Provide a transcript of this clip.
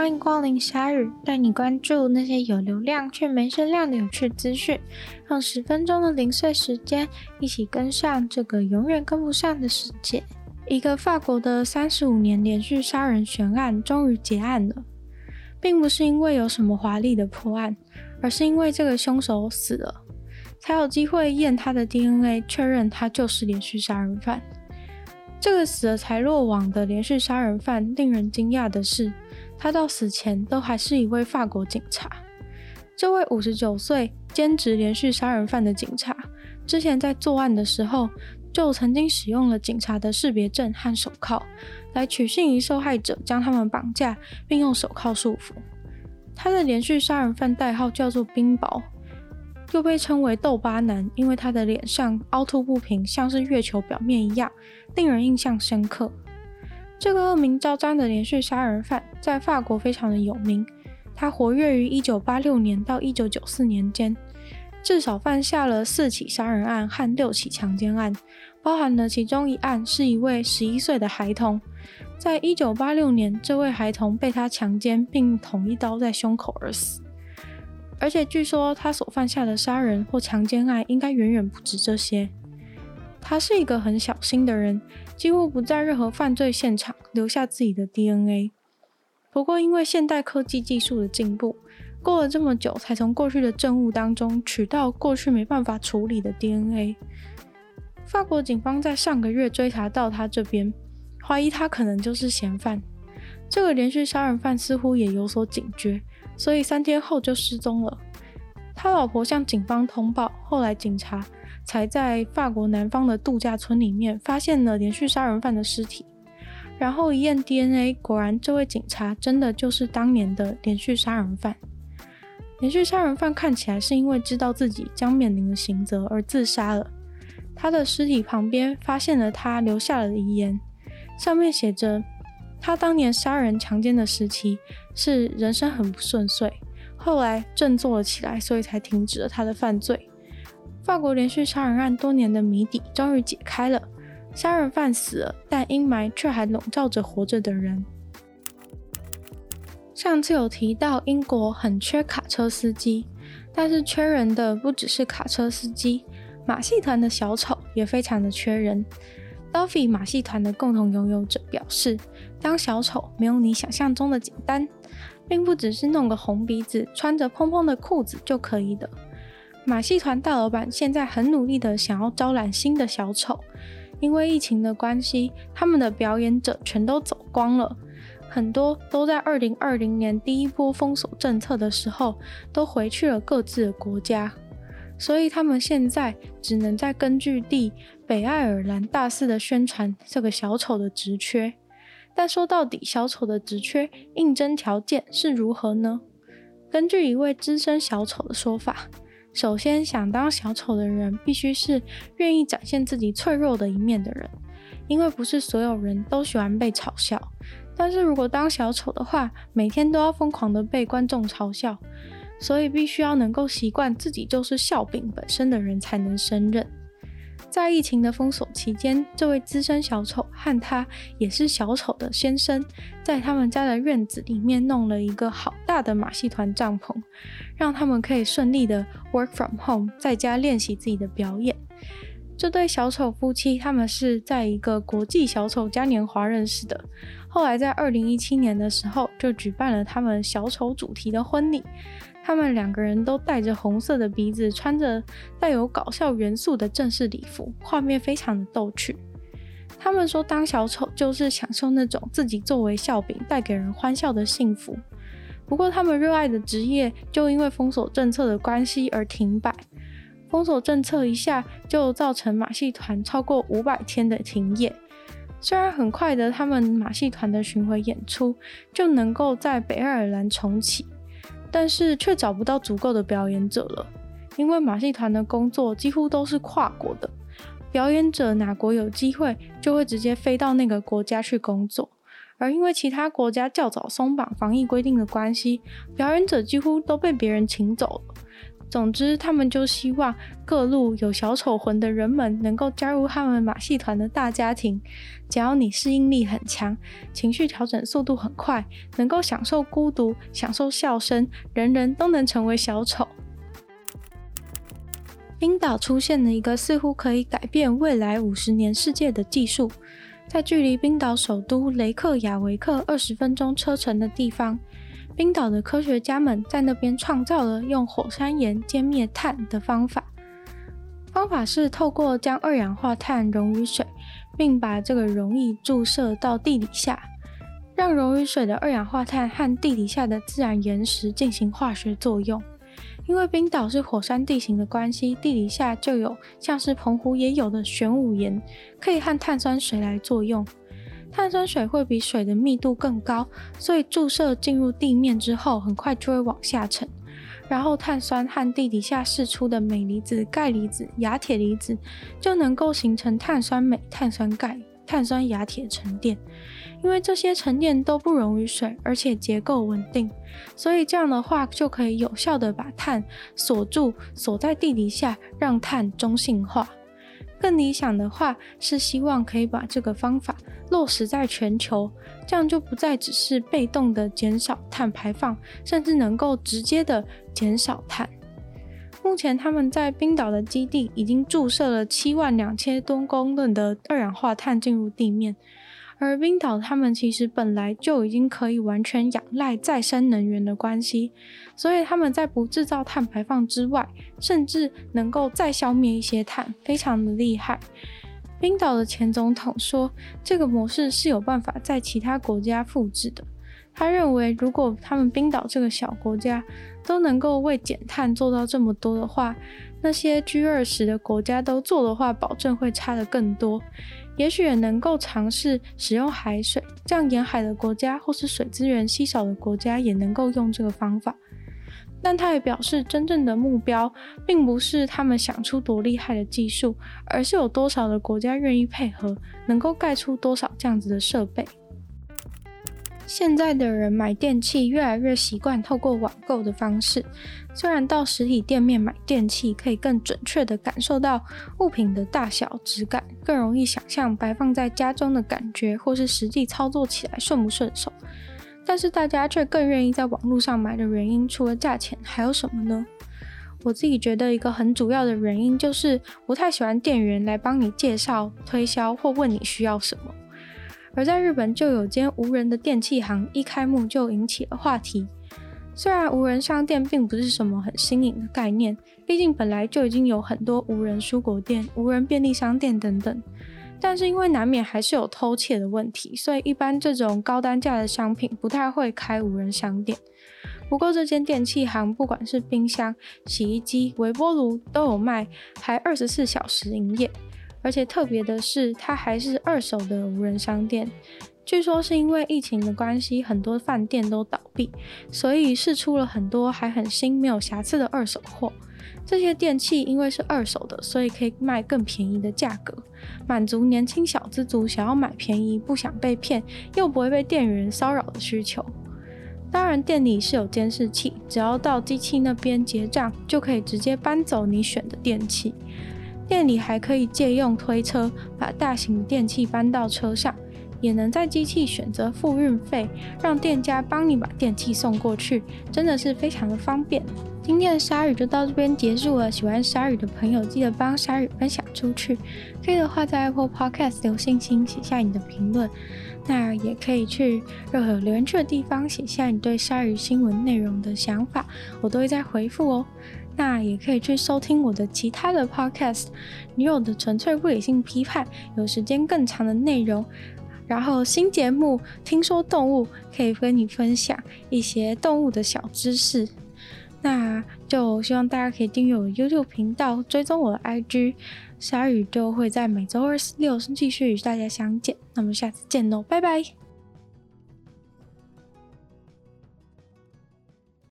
歡迎光臨鯊語，帶你關注那些有流量卻沒聲量的有趣資訊。讓十分鐘的零碎時間，一起跟上這個永遠跟不上的世界。一個法國的三十五年連續殺人懸案終於結案了，並不是因為有什麼華麗的破案，而是因為這個凶手死了，才有機會驗他的 DNA，確認他就是連續殺人犯。這個死了才落網的連續殺人犯，令人驚訝的是，他到死前都還是一位法國警察。這位五十九歲兼職連續殺人犯的警察，之前在作案的時候就曾經使用了警察的識別證和手銬，來取信於受害者，將他們綁架並用手銬束縛。他的連續殺人犯代號叫做“冰雹”，又被稱為“痘疤男”，因為他的臉上凹凸不平，像是月球表面一樣，令人印象深刻。這個惡名昭彰的連續殺人犯在法國非常的有名，他活躍於一九八六年到一九九四年間，至少犯下了四起殺人案和六起強姦案，包含了其中一案是一位十一歲的孩童，在一九八六年，這位孩童被他強姦並捅一刀在胸口而死，而且據說他所犯下的殺人或強姦案應該遠遠不止這些。他是一個很小心的人，幾乎不在任何犯罪現場留下自己的 DNA。不過，因為現代科技技術的進步，過了這麼久才從過去的證物當中取到過去沒辦法處理的 DNA。法國警方在上個月追查到他這邊，懷疑他可能就是嫌犯。這個連續殺人犯似乎也有所警覺，所以三天後就失蹤了。他老婆向警方通報，後來警察才在法國南方的度假村裡面發現了連續殺人犯的屍體，然後一驗 DNA，果然這位警察真的就是當年的連續殺人犯。連續殺人犯看起來是因為知道自己將面臨的刑責而自殺了，他的屍體旁邊發現了他留下的遺言，上面寫着他當年殺人強奸的時期是人生很不順遂，後來振作了起來，所以才停止了他的犯罪。法國連續殺人案多年的謎底終於解開了，殺人犯死了，但陰霾卻還籠罩着活着的人。上次有提到英國很缺卡車司機，但是缺人的不只是卡車司機，馬戲團的小丑也非常的缺人。Duffy 馬戲團的共同擁有者表示，當小丑沒有你想象中的簡單，並不只是弄個紅鼻子、穿着蓬蓬的褲子就可以的。馬戲團大老闆現在很努力的想要招攬新的小丑，因為疫情的關係，他們的表演者全都走光了，很多都在二零二零年第一波封鎖政策的時候都回去了各自的國家，所以他們現在只能在根據地北愛爾蘭大肆的宣傳這個小丑的職缺。但說到底，小丑的職缺應徵條件是如何呢？根據一位資深小丑的說法。首先，想當小丑的人必須是願意展現自己脆弱的一面的人，因為不是所有人都喜歡被嘲笑，但是如果當小丑的話，每天都要瘋狂的被觀眾嘲笑，所以必須要能夠習慣自己就是笑柄本身的人才能勝任。在疫情的封鎖期間，這位資深小丑和他也是小丑的先生，在他們家的院子裡面弄了一個好大的馬戲團帳篷，讓他們可以順利的 work from home，在家練習自己的表演。這對小丑夫妻他們是在一個國際小丑嘉年華認識的，後來在二零一七年的時候就舉辦了他們小丑主題的婚禮。他們兩個人都戴着紅色的鼻子，穿着帶有搞笑元素的正式禮服，畫面非常的逗趣。他們說，當小丑就是享受那種自己作為笑柄，帶給人歡笑的幸福。不過，他們熱愛的職業就因為封鎖政策的關係而停擺。封鎖政策一下就造成馬戲團超過五百天的停業。雖然很快的，他們馬戲團的巡迴演出就能夠在北愛爾蘭重啟。但是卻找不到足夠的表演者了，因為馬戲團的工作幾乎都是跨國的，表演者哪國有機會就會直接飛到那個國家去工作，而因為其他國家較早鬆綁防疫規定的關係，表演者幾乎都被別人請走了。總之，他們就希望各路有小丑魂的人們能夠加入他們馬戲團的大家庭。只要你適應力很強，情緒調整速度很快，能夠享受孤獨、享受笑聲，人人都能成為小丑。冰島出現了一個似乎可以改變未來五十年世界的技術，在距離冰島首都雷克雅維克二十分鐘車程的地方。冰島的科學家們在那邊創造了用火山岩殲滅碳的方法。方法是透過將二氧化碳溶於水，並把這個溶液注射到地底下，讓溶於水的二氧化碳和地底下的自然岩石進行化學作用。因為冰島是火山地形的關係，地底下就有像是澎湖也有的玄武岩，可以和碳酸水來作用。碳酸水會比水的密度更高，所以注射進入地面之後，很快就會往下沉。然後，碳酸和地底下釋出的鎂離子、鈣離子、亞鐵離子就能夠形成碳酸鎂、碳酸鈣、碳酸亞鐵沉澱。因為這些沉澱都不溶於水，而且結構穩定，所以這樣的話就可以有效的把碳鎖住，鎖在地底下，讓碳中性化。更理想的話，是希望可以把這個方法落實在全球，這樣就不再只是被動的減少碳排放，甚至能夠直接的減少碳。目前他們在冰島的基地已經注射了七萬兩千多公噸的二氧化碳進入地面。而冰島，他們其實本來就已經可以完全仰賴再生能源的關係，所以他們在不製造碳排放之外，甚至能夠再消滅一些碳，非常的厲害。冰島的前總統說，這個模式是有辦法在其他國家複製的。他認為，如果他們冰島這個小國家，都能夠為減碳做到這麼多的話，那些 G20 的國家都做的話，保證會差得更多。也許也能夠嘗試使用海水，這樣沿海的國家或是水資源稀少的國家，也能夠用這個方法。但他也表示，真正的目標並不是他們想出多厲害的技術，而是有多少的國家願意配合，能夠蓋出多少這樣子的設備。現在的人買電器越來越習慣透過網購的方式，雖然到實體店面買電器可以更準確地感受到物品的大小、質感，更容易想象擺放在家中的感覺，或是實際操作起來順不順手，但是大家卻更願意在網絡上買的原因，除了價錢，還有什麼呢？我自己覺得一個很主要的原因就是不太喜歡店員來幫你介紹、推銷，或問你需要什麼。而在日本就有間無人的電器行，一開幕就引起了話題。雖然無人商店並不是什麼很新穎的概念，畢竟本來就已經有很多無人蔬果店、無人便利商店等等，但是因為難免還是有偷竊的問題，所以一般這種高單價的商品不太會開無人商店。不過這間電器行不管是冰箱、洗衣機、微波爐都有賣，還二十四小時營業。而且特別的是，它還是二手的無人商店。據說是因為疫情的關係，很多飯店都倒閉，所以釋出了很多還很新、沒有瑕疵的二手貨。這些電器因為是二手的，所以可以賣更便宜的價格，滿足年輕小資族想要買便宜、不想被騙又不會被店員騷擾的需求。當然，店裡是有監視器，只要到機器那邊結賬，就可以直接搬走你選的電器。店裡還可以借用推車，把大型電器搬到車上，也能在機器選擇付運費，讓店家幫你把電器送過去，真的是非常的方便。今天的鯊語就到這邊結束了，喜歡鯊魚的朋友記得幫鯊魚分享出去，可以的話在 Apple Podcast 留信息寫下你的評論，那也可以去任何留言區的地方寫下你對鯊魚新聞內容的想法，我都會再回覆哦。那也可以去收聽我的其他的 podcast，《女友的純粹不理性批判》，有時間更長的內容。然後新節目《聽說動物》可以跟你分享一些動物的小知識。那就希望大家可以訂閱我的 YouTube 頻道，追蹤我的 IG。鯊魚就會在每周二、六繼續與大家相見。那麼下次見嘍，拜拜。